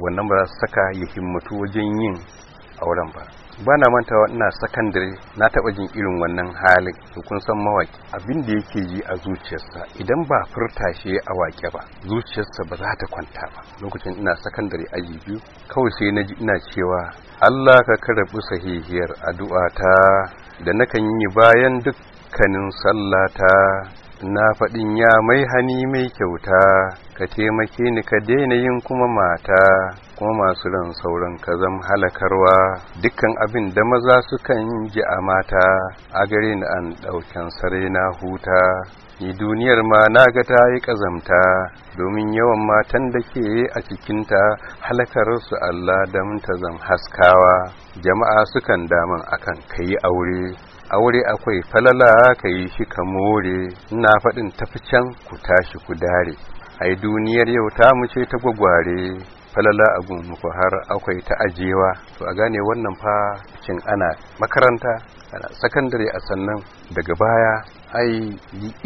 wannan ba za su saka ya himmatu wajen yin auren ba ba na mantawa ina sakandare na taɓa jin irin wannan halin to kun san mawaki abin da yake ji a zuciyarsa idan ba furta shi a waƙe ba zuciyarsa ba za ta kwanta ba lokacin ina sakandare aji biyu kawai sai na ji ina cewa Allah ka karɓi sahihiyar addu'a ta da nakan yi bayan dukkanin sallata na faɗin ya mai hani mai kyauta ka taimake ni ka daina yin kuma mata kuma masu ran sauran ka zam halakarwa dukkan abin da maza sukan ji a mata a gare ni an ɗaukan sare na huta ni duniyar ma na ga ta yi ƙazamta domin yawan matan da ke a cikinta halakar su Allah da ta zam haskawa jama'a sukan daman akan kai aure aure akwai falala ka yi shi ka more na faɗin tafi can ku tashi ku dare ai duniyar yau ta mu ta gwagware falala a muku har akwai ta ajewa to a gane wannan fa cin ana makaranta ana sakandare a sannan daga baya ai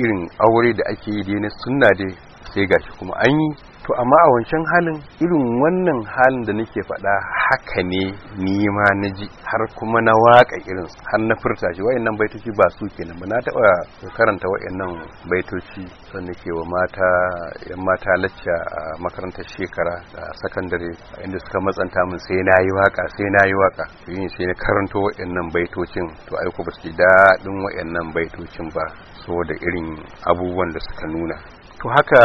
irin aure da ake yi na sunna dai sai gashi kuma an yi to amma a wancan halin irin wannan halin da nake faɗa haka ne ni ma na ji har kuma na waƙa irin har na furta shi wayannan baitoci ba su kenan ba na taɓa karanta wayannan baitoci son nake wa mata yan mata lacca a makarantar shekara a sakandare inda suka matsanta min sai na yi waƙa sai na yi waƙa yin sai na karanto wayannan baitocin to ai ku ba su ji daɗin wayannan baitocin ba saboda irin abubuwan da suka nuna to haka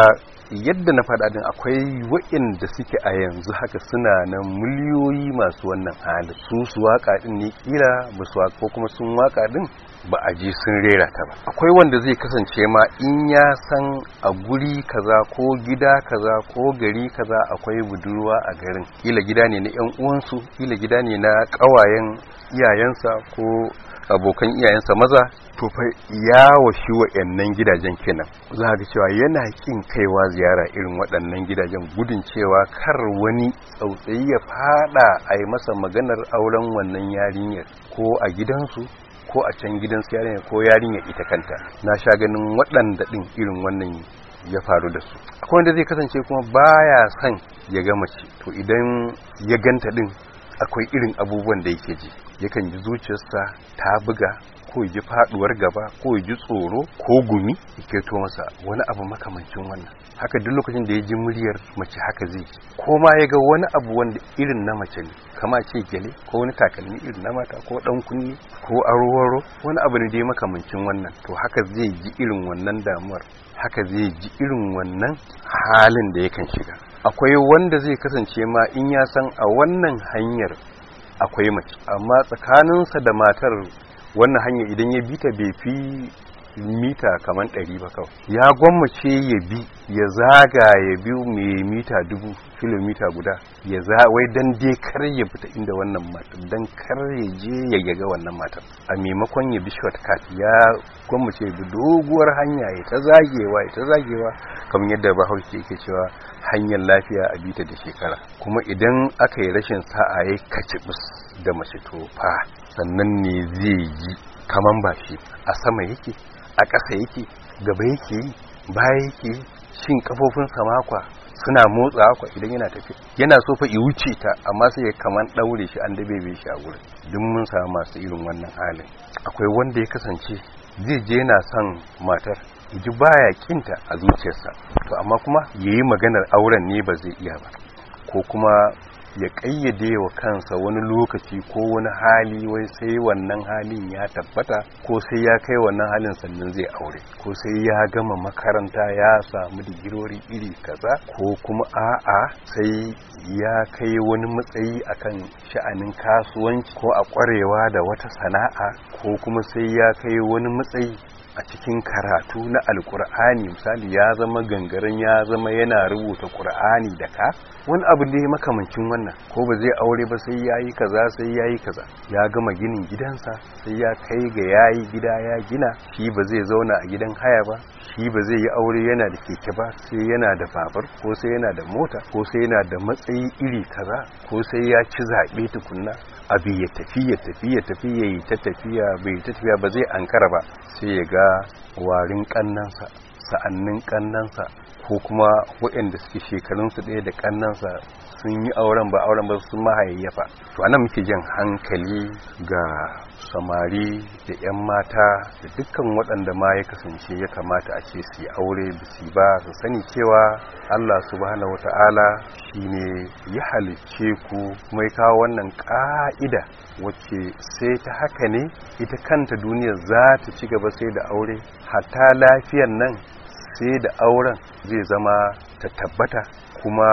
yadda na faɗa din akwai waɗanda suke a yanzu haka suna na miliyoyi masu wannan halin su su waka din ne kira ba su waka ko kuma sun waka din ba a ji sun rera ta ba akwai wanda zai kasance ma in ya san a guri kaza ko gida kaza ko gari kaza akwai budurwa a garin kila gida ne na yan uwansu kila gida ne na ƙawayen iyayensa ko abokan iyayensa maza to fa yawo shi wa'yannan gidajen kenan za ga cewa yana kin kaiwa ziyara irin waɗannan gidajen gudun cewa kar wani tsautsayi ya fada a yi masa maganar auren wannan yarinyar ko a gidansu ko a can gidansu yarinyar ko yarinyar ita kanta na sha ganin waɗanda ɗin irin wannan ya faru da su akwai wanda zai kasance kuma baya son ya ga mace to idan ya ganta ɗin akwai irin abubuwan da yake ji yakan ji zuciyarsa ta buga ko ji faduwar gaba ko ji tsoro ko gumi ke to masa wani abu makamancin wannan haka duk lokacin da ya ji muryar mace haka zai ji ko ma ya ga wani abu wanda irin na mace ne kama ce gele ko wani takalmi irin na mata ko dan kunni ko arwaro wani abu ne ya makamancin wannan to haka zai ji irin wannan damuwar haka zai ji irin wannan halin da yakan shiga akwai wanda zai kasance ma in ya san a wannan hanyar akwai mace amma tsakaninsa da matar wannan hanya idan ya bi ta bai fi mita kamar ɗari ba kawai ya gwammace ya bi ya zaga ya bi mai mita dubu kilomita guda ya za wai dan dai kar ya fita inda wannan matan dan kar ya je ya yaga wannan mata a maimakon ya bi shortcut ya gwammace ya bi doguwar hanya ya ta zagewa ya ta zagewa kamar yadda bahaushe yake cewa hanyar lafiya a bita da shekara kuma idan aka yi rashin sa'a ya bus da mace tofa sannan ne zai yi kaman ba shi a sama yake a ƙasa yake gaba yake yi baya yake yi shin kafofin samakwa suna motsa kwa idan yana tafiya yana so fa wuce ta amma sai ya kaman ɗaure shi an dabe shi a wurin duk mun samu masu irin wannan halin akwai wanda ya kasance zai je yana son matar ji baya kinta a zuciyarsa to amma kuma ya yi maganar auren ne ba zai iya ba ko kuma ya kayyade wa kansa wani lokaci ko wani hali wai sai wannan halin ya tabbata ko sai ya kai wannan halin sannan zai aure ko sai ya gama makaranta ya samu digirori iri kaza ko kuma a'a sai ya kai wani matsayi akan sha'anin kasuwanci ko a kwarewa da wata sana'a ko kuma sai ya kai wani matsayi a cikin karatu na alkur'ani misali ya zama gangaren ya zama yana rubuta kur'ani da ka wani abu ne makamancin wannan ko ba zai aure ba sai yayi kaza sai yayi kaza ya gama ginin gidansa sai ya kai ga yayi gida ya gina shi ba zai zauna a gidan haya ba shi ba zai yi aure yana da keke ba sai yana da babur ko sai yana da mota ko sai yana da matsayi iri kaza ko sai ya ci zaɓe tukunna abu ya tafi ya tafi ya tafi ya yi ta tafiya bai ta tafiya ba zai ankara ba sai ya ga warin kannansa sa'annin kannansa ko kuma waɗanda suke shekarunsu ɗaya da ƙannansa sun yi auren ba auren ba sun mahayayyafa to anan muke jan hankali ga samari da 'yan mata da dukkan waɗanda ma ya kasance ya kamata a ce su yi aure da su ba su sani cewa Allah subhanahu wata'ala shine ya halicce ku mai kawo wannan ƙa'ida wacce sai ta haka ne ita kanta duniya za ta ci gaba sai da aure hatta lafiyar nan sai da auren zai zama ta tabbata kuma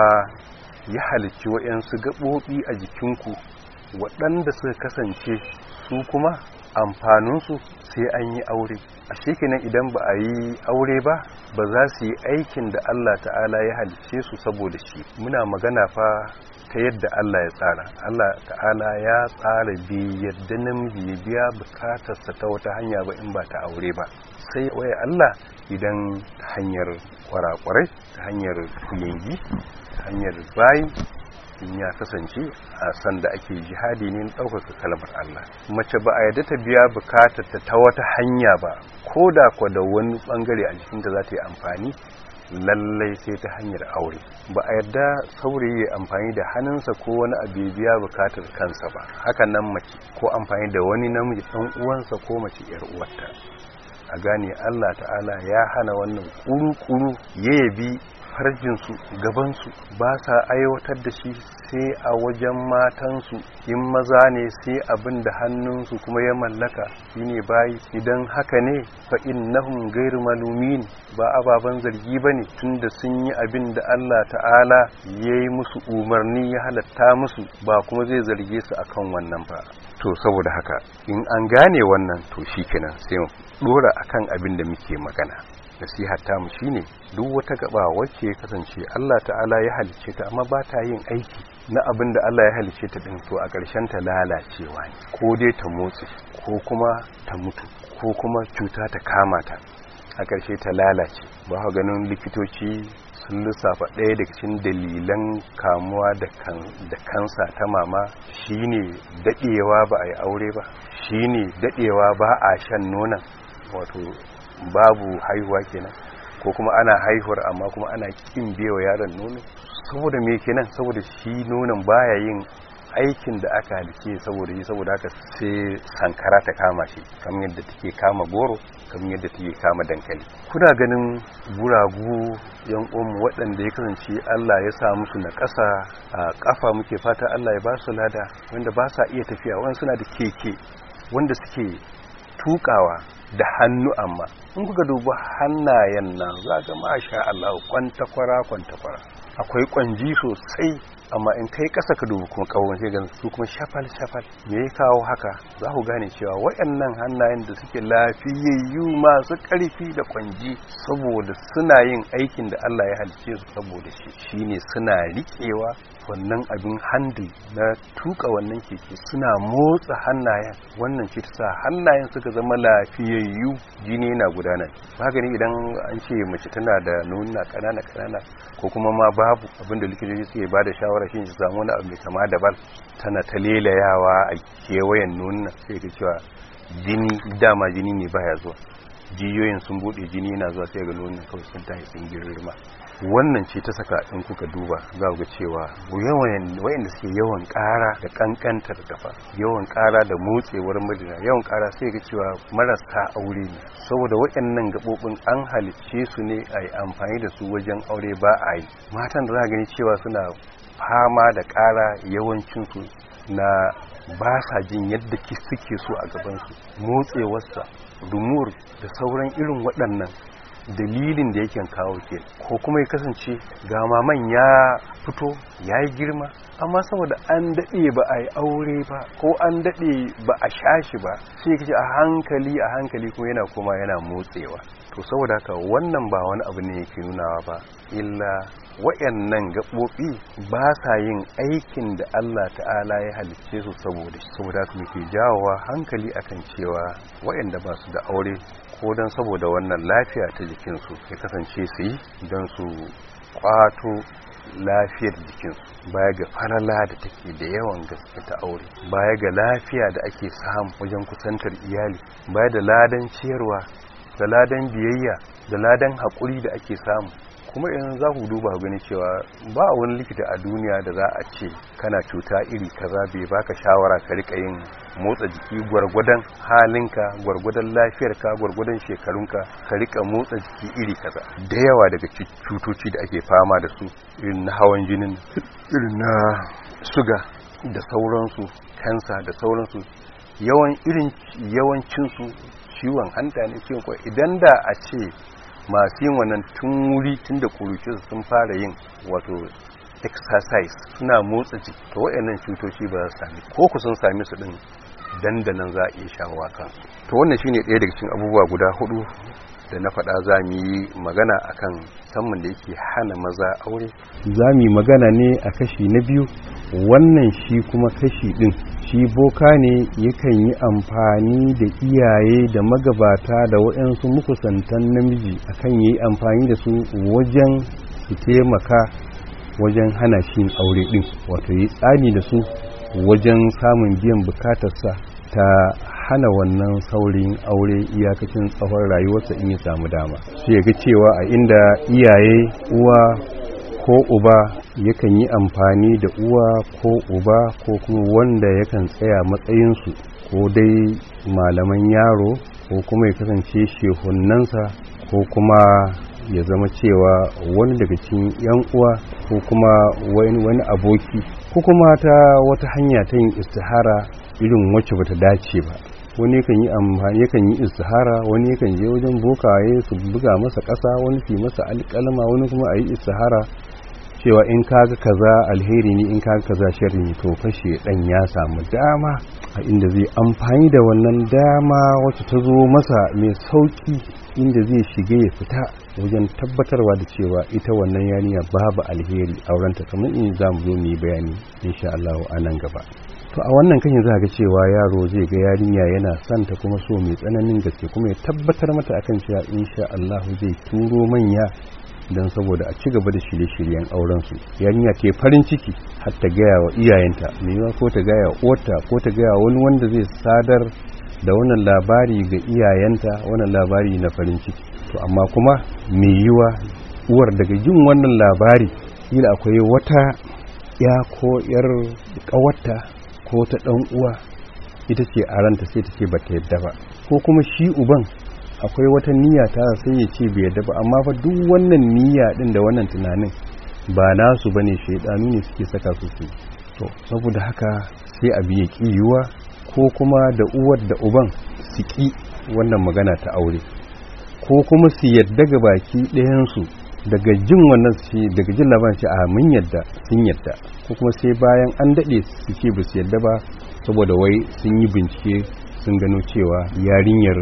ya halicci waɗansu gaɓoɓi a jikinku waɗanda suka kasance su kuma amfaninsu sai an yi aure a shekinan idan ba a yi aure ba ba za su yi aikin da allah ta'ala ya halicce su saboda shi muna magana fa ta yadda Allah ya tsara Allah ta'ala ya tsara bi yadda namiji ya biya bukatarsa ta wata hanya ba in ba ta aure ba sai waya Allah idan ta hanyar kwarakwarai ta hanyar kuyangi ta hanyar bayi in ya kasance a sanda ake jihadi ne ɗaukaka kalmar Allah mace ba a yadda ta biya bukatar ta ta wata hanya ba ko da kwa da wani bangare a jikinta za ta yi amfani lallai sai ta hanyar aure ba a yadda saurayi ya amfani da hannunsa ko wani abu biya bukatar kansa ba haka nan mace ko amfani da wani namiji ɗan uwansa ko mace yar uwarta a gane Allah ta'ala ya hana wannan kuru-kuru ya yabi farjinsu gabansu ba sa aiwatar da shi sai a wajen matansu in maza ne sai abin da hannunsu kuma ya mallaka shine bayi idan haka ne fa innahum ghairu malumin ba ababen zargi bane tunda sun yi abin da Allah ta'ala yayi musu umarni ya halatta musu ba kuma zai zarge su akan wannan ba to saboda haka in an gane wannan to shi kenan sai mu dora akan abin da muke magana nasihar mu shine duk wata gaba wacce ya kasance Allah ta'ala ya halice ta amma ba ta yin aiki na abin da Allah ya halice ta din to a ƙarshen ta lalacewa ne ko dai ta motsi ko kuma ta mutu ko kuma cuta ta kama ta a ƙarshe ta lalace ba ka ganin likitoci sun lissafa ɗaya daga cikin dalilan kamuwa da kansa ta mama shine daɗewa ba a yi aure ba shine daɗewa ba a shan nonon wato babu haihuwa kenan ko kuma ana haihuwar amma kuma ana kin bewa yaron nono saboda me kenan saboda shi nonon baya yin aikin da aka halice saboda yi saboda haka sai sankara ta kama shi kamar yadda take kama goro kamar yadda take kama dankali kuna ganin guragu yan uwanmu waɗanda ya kasance Allah ya sa musu na ƙasa a ƙafa muke fata Allah ya ba su lada wanda ba sa iya tafiya wani suna da keke wanda suke tukawa da hannu amma in kuka dubi hannayen nan za ga masha Allah kwanta kwara kwanta kwara akwai kwanji sosai amma in kai ƙasa ka dubi kuma ƙawon sai gan su kuma shafal shafal me ya kawo haka za ku gane cewa waɗannan hannayen da suke lafiyayyu masu ƙarfi da kwanji saboda suna yin aikin da Allah ya halice su saboda shi shine suna riƙewa wannan abin handi na tuka wannan keke suna motsa hannayen wannan ce ta sa hannayen suka zama lafiyayyu jini na gudana magani idan an ce mace tana da nuna ƙanana kanana ko kuma ma babu abinda da likitoci suke ba da shawara korafin shi samu wani abu mai kama daban tana ta lelayawa a kewayen nuna sai ka cewa jini dama jini ne baya zuwa jiyoyin sun bude jini na zuwa sai ga nuna kawai sun tashi sun girma wannan ce ta saka in kuka duba za ga cewa yawan wayanda suke yawan ƙara da kankantar kafa yawan ƙara da motsewar murya yawan ƙara sai ga cewa marasa aure ne saboda wayannan gaɓoɓin an halicce su ne a yi amfani da su wajen aure ba a yi matan da za a gani cewa suna fama da ƙara yawancinsu na ba sa jin yadda suke so a gabansu motsewarsa rumur da sauran irin waɗannan dalilin da yake kawo ke ko kuma ya kasance ga maman ya fito ya yi girma amma saboda an daɗe ba a yi aure ba ko an daɗe ba a shashi ba sai kace a hankali a hankali kuma yana koma yana motsewa to saboda haka wannan ba wani abu ne yake nunawa ba illa wayannan gaɓoɓi ba sa yin aikin da Allah ta'ala ya halicce su saboda shi saboda haka muke jawowa hankali akan cewa wayanda ba su da aure ko don saboda wannan lafiya ta jikinsu ya kasance su yi don su kwato lafiyar jikinsu baya ga farala da take da yawan gaske ta aure baya ga lafiya da ake samu wajen kusantar iyali baya da ladan ciyarwa da ladan biyayya da ladan haƙuri da ake samu kuma idan za ku duba gani cewa ba a wani likita a duniya da za a ce kana cuta iri kaza bai baka shawara ka rika yin motsa jiki gwargwadon halinka gwargwadon lafiyarka gwargwadon shekarunka ka rika motsa jiki iri kaza da yawa daga cutoci da ake fama da su irin na hawan jinin irin na suga da sauransu kansa da sauransu yawan irin yawancinsu ciwon hanta ne ciwon kwa idan da a ce masu yin wannan tun wuri tun da kuruci sun fara yin wato exercise suna motsa jiki to wayannan cutoci ba za su sami ko ku sun sami su din dandanan za a iya shawo kan to wannan shine ɗaya daga cikin abubuwa guda hudu da na faɗa za mu yi magana akan samun da yake hana maza aure za mu yi magana ne a kashi na biyu wannan shi kuma kashi ɗin shi boka ne yakan yi amfani da iyaye da magabata da waɗansu mukusantan namiji akan yi amfani da su wajen su taimaka wajen hana shi aure ɗin wato yi tsani da su wajen samun biyan bukatarsa ta hana wannan saurin aure iyakacin tsawon rayuwarsa in ya samu dama sai ga cewa a inda iyaye uwa ko uba yakan yi amfani da uwa ko uba ko kuma wanda yakan tsaya matsayinsu ko dai malaman yaro ko kuma ya kasance shehunansa ko kuma ya zama cewa wani daga cikin 'yan uwa ko kuma wani aboki ko kuma ta wata hanya ta yin istihara irin wacce bata dace ba wani yakan yi amfani yakan yi istihara wani yakan je wajen bokaye su buga masa ƙasa wani fi masa alƙalama wani kuma a yi istihara cewa in kaga kaza alheri ne in kaga kaza sharri ne to fashe dan ya samu dama a inda zai amfani da wannan dama wacce ta zo masa mai sauki inda zai shiga ya fita wajen tabbatarwa da cewa ita wannan yaniya babu alheri aurenta kamar in za mu zo mu yi bayani insha Allah a nan gaba to a wannan kan yanzu ga cewa yaro zai ga yarinya yana son ta kuma so mai tsananin gaske kuma ya tabbatar mata akan cewa insha Allah zai turo manya don saboda a ci gaba da shirye-shiryen auren su yarinya ke farin ciki har ta gaya wa iyayenta mai yiwa ko ta gaya wata ko ta gaya wani wanda zai sadar da wannan labari ga iyayenta wannan labari na farin ciki to amma kuma mai yiwa uwar daga jin wannan labari kila akwai wata ya ko yar kawarta ko ta ɗan uwa ita ce a ranta sai ta ce ba ta yadda ba ko kuma shi uban akwai wata niyya ta sai ya ce bai yadda ba amma fa duk wannan niyya din da wannan tunanin ba nasu ba ne shaidanu ne suke saka su su to saboda haka sai a ya ki yiwa ko kuma da uwar da uban su ki wannan magana ta aure ko kuma su yadda ga baki ɗayansu daga jin wannan su daga jin labarin ce a mun yadda sun yadda ko kuma sai bayan an daɗe su ce ba su yadda ba saboda wai sun yi bincike sun gano cewa yarinyar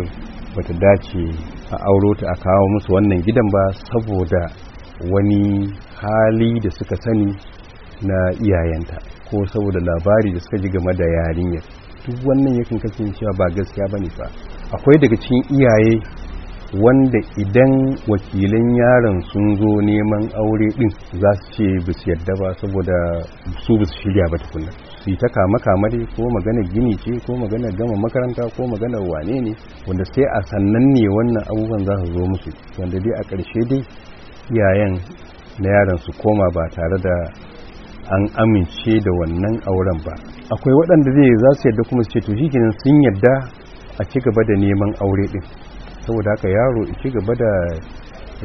bata dace a auro ta a kawo musu wannan gidan ba saboda wani hali da suka sani na iyayenta ko saboda labari da suka ji game da yarinyar duk wannan yakan kasancewa ba gaskiya bane ba akwai daga cikin iyaye wanda idan wakilan yaron sun zo neman aure din za su ce ba su yadda ba saboda su ba shirya ba tukuna su yi ta kama kama dai ko magana gini ce ko magana gama makaranta ko magana wane ne wanda sai a sannan ne wannan abubuwan za su zo musu wanda dai a ƙarshe dai iyayen na yaron su koma ba tare da an amince da wannan auren ba akwai waɗanda zai za su yadda kuma su ce to shi sun yadda a ci gaba da neman aure din saboda haka yaro ci gaba da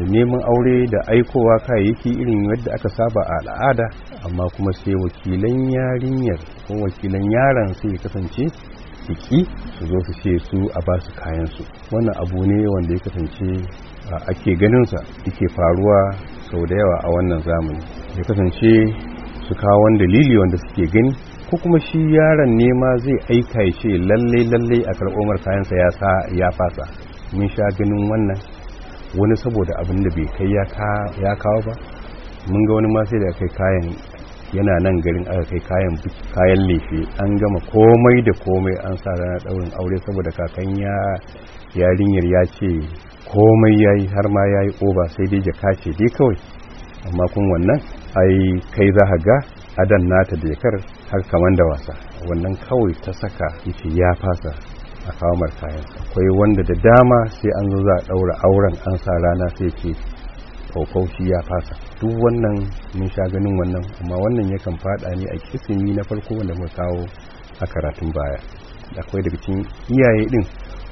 neman aure da aikowa kayayyaki irin yadda aka saba a al'ada amma kuma sai wakilan yarinyar ko wakilan yaran sai ya kasance ciki su zo su ce su a ba su kayan wannan abu ne wanda ya kasance ake ganin sa yake faruwa sau da yawa a wannan zamani ya kasance su kawo wani dalili wanda suke gani ko kuma shi yaron nema zai aika ya ce lallai lallai a karɓomar kayansa ya ya fasa mun sha ganin wannan wani saboda abin da bai kai ya kawo ba mun ga wani masu da kai kayan yana nan garin aka kai kayan kayan lefe an gama komai da komai an sa ranar daurin aure saboda kakan ya yarinyar ya ce komai ya yi har ma ya yi oba sai dai jaka ce dai kawai amma kun wannan ai kai za ga adan nata da jakar har kaman da wasa wannan kawai ta saka yace ya fasa a kawo kayan akwai wanda da dama sai an zo za a ɗaura auren an sa rana sai ke kokaushi ya fasa duk wannan mun sha ganin wannan amma wannan yakan fada ne a kisimi na farko wanda mu kawo a karatun baya akwai daga cikin iyaye din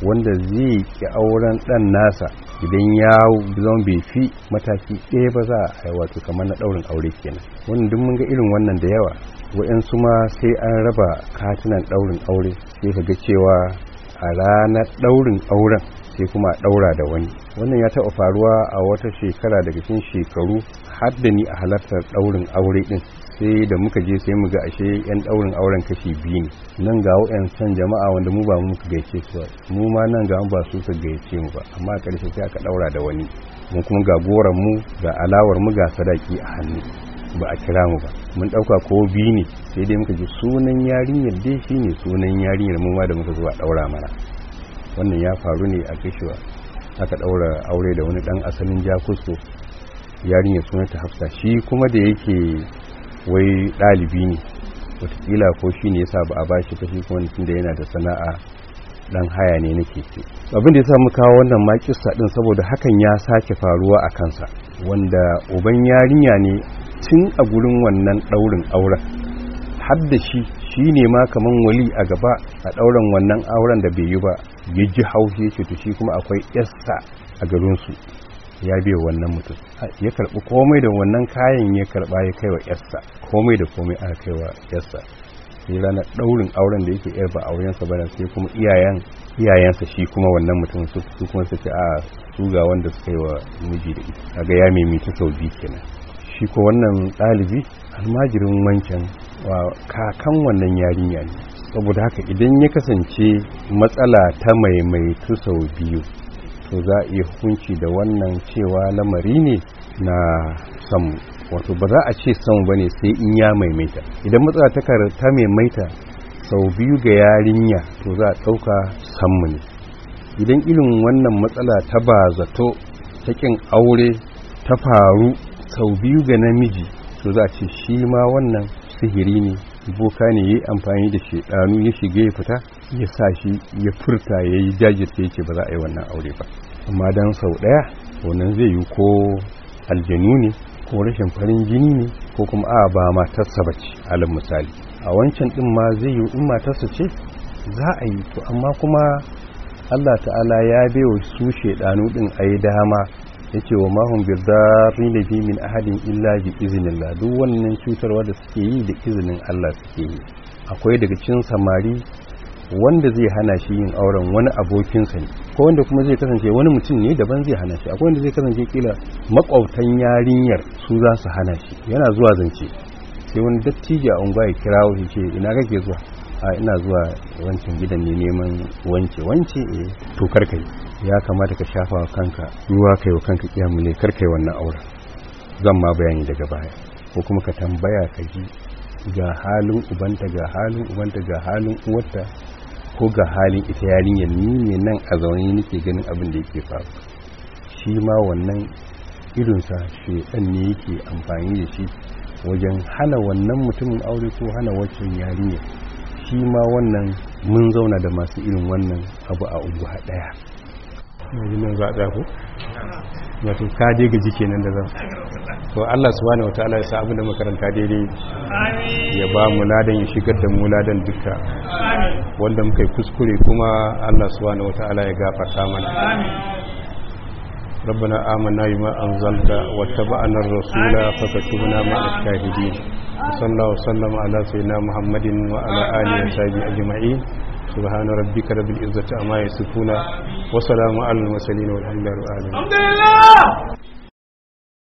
wanda zai ki auren dan nasa idan ya zama bai fi mataki ɗaya ba za a yi wato kamar na ɗaurin aure kenan wannan duk mun ga irin wannan da yawa wa'yansu ma sai an raba katunan ɗaurin aure sai ka ga cewa a ranar ɗaurin auren sai kuma a ɗaura da wani wannan ya taɓa faruwa a wata shekara daga cikin shekaru har ni a halartar ɗaurin aure ɗin sai da muka je sai mu ga ashe yan ɗaurin auren kashi biyu ne nan ga wa'yan san jama'a wanda mu ba mu ka gaice su ba mu ma nan ga ba su ka gaice mu ba amma a karshe sai aka ɗaura da wani mu kuma ga goran mu ga alawar mu ga sadaki a hannu ba a kira mu ba mun dauka ko bi ne sai dai muka ji sunan yarinyar dai ne sunan yarinyar mu ma da muka zo a daura mana wannan ya faru ne a kishiwa aka daura aure da wani dan asalin jakusko yarinyar ta hafsa shi kuma da yake wai ɗalibi ne watakila ko shi ne yasa ba a bashi ba shi kuma tun da yana da sana'a dan haya ne nake ke abin da ya sa mu kawo wannan ma din saboda hakan ya sake faruwa a kansa wanda uban yarinya ne tun a gurin wannan ɗaurin auren hadda shi shi ne ma kaman wali a gaba a ɗaurin wannan auren da bai yi ba ya ji haushi ya to shi kuma akwai yasta a garinsu ya biya wannan mutum ya karɓi komai da wannan kayan ya karɓa ya kaiwa yasta komai da komai aka kaiwa yasta sai ranar ɗaurin auren da yake yar ba aurensa ba sai kuma iyayen iyayensa shi kuma wannan mutum su kuma su ce a su ga wanda suka yi wa miji da ita kaga ya maimaita sau biyu kenan shi ko wannan ɗalibi almajirin wancan wa kakan wannan yarinya ne saboda haka idan ya kasance matsala ta maimaitu sau biyu to za a iya hukunci da wannan cewa lamari ne na samu wato ba za a ce samu ba ne sai in ya maimaita idan matsala ta maimaita sau biyu ga yarinya to za a ɗauka sammu ne idan irin wannan matsala ta ba zato ta kin aure ta faru sau biyu ga namiji to za a ce shi ma wannan sihiri ne boka ne ya yi amfani da ɗanu ya shiga ya fita ya sa shi ya furta ya yi ya yake ba za a yi wannan aure ba amma dan sau ɗaya wannan zai yi ko aljanu ne ko rashin farin jini ne ko kuma a ba matarsa ba ce alal misali a wancan ɗin ma zai yi in matarsa ce za a yi to amma kuma Allah ta'ala ya baiwa su shedanu din ayi dama yace wa mahum bidarrin bi min ahadin illa bi iznillah duk wannan cutarwa da suke yi da izinin Allah suke yi akwai daga cikin samari wanda zai hana shi yin auren wani abokinsa ne ko wanda kuma zai kasance wani mutum ne daban zai hana shi akwai wanda zai kasance kila makwautan yarinyar su za su hana shi yana zuwa zance sai wani dattijo a unguwa ya kirawo shi ce ina kake zuwa a ina zuwa wancan gidan ne neman wance wance eh, to karkai ya kamata ka shafa kanka ruwa kai wa kanka kiyamu ne karkai wannan aure. zan ma bayani daga baya ko kuma ka tambaya ka ji ga halin ubanta ga halin ubanta ga halin uwarta ko ga halin ita yarinyar ni ne nan a zaune nake ganin abin da yake faru shi ma wannan irinsa ɗan ne yake amfani da shi wajen hana wannan mutumin aure ko hana wancan yarinyar shi ma wannan mun zauna da masu irin wannan abu a unguwa daya majinan za a ɗaku wato ka je gaji kenan da zan to Allah subhanahu wataala ya sa abin da makaranta daidai ya ba mu ladan ya shigar da mu ladan duka wanda muka yi kuskure kuma Allah subhanahu wataala ya gafarta mana ربنا آمنا بما أنزلت واتبعنا الرسول فكتبنا مع الشاهدين صلى الله وسلم على سيدنا محمد وعلى آله وصحبه أجمعين سبحان ربك رب العزة عما يصفون وسلام على المرسلين والحمد لله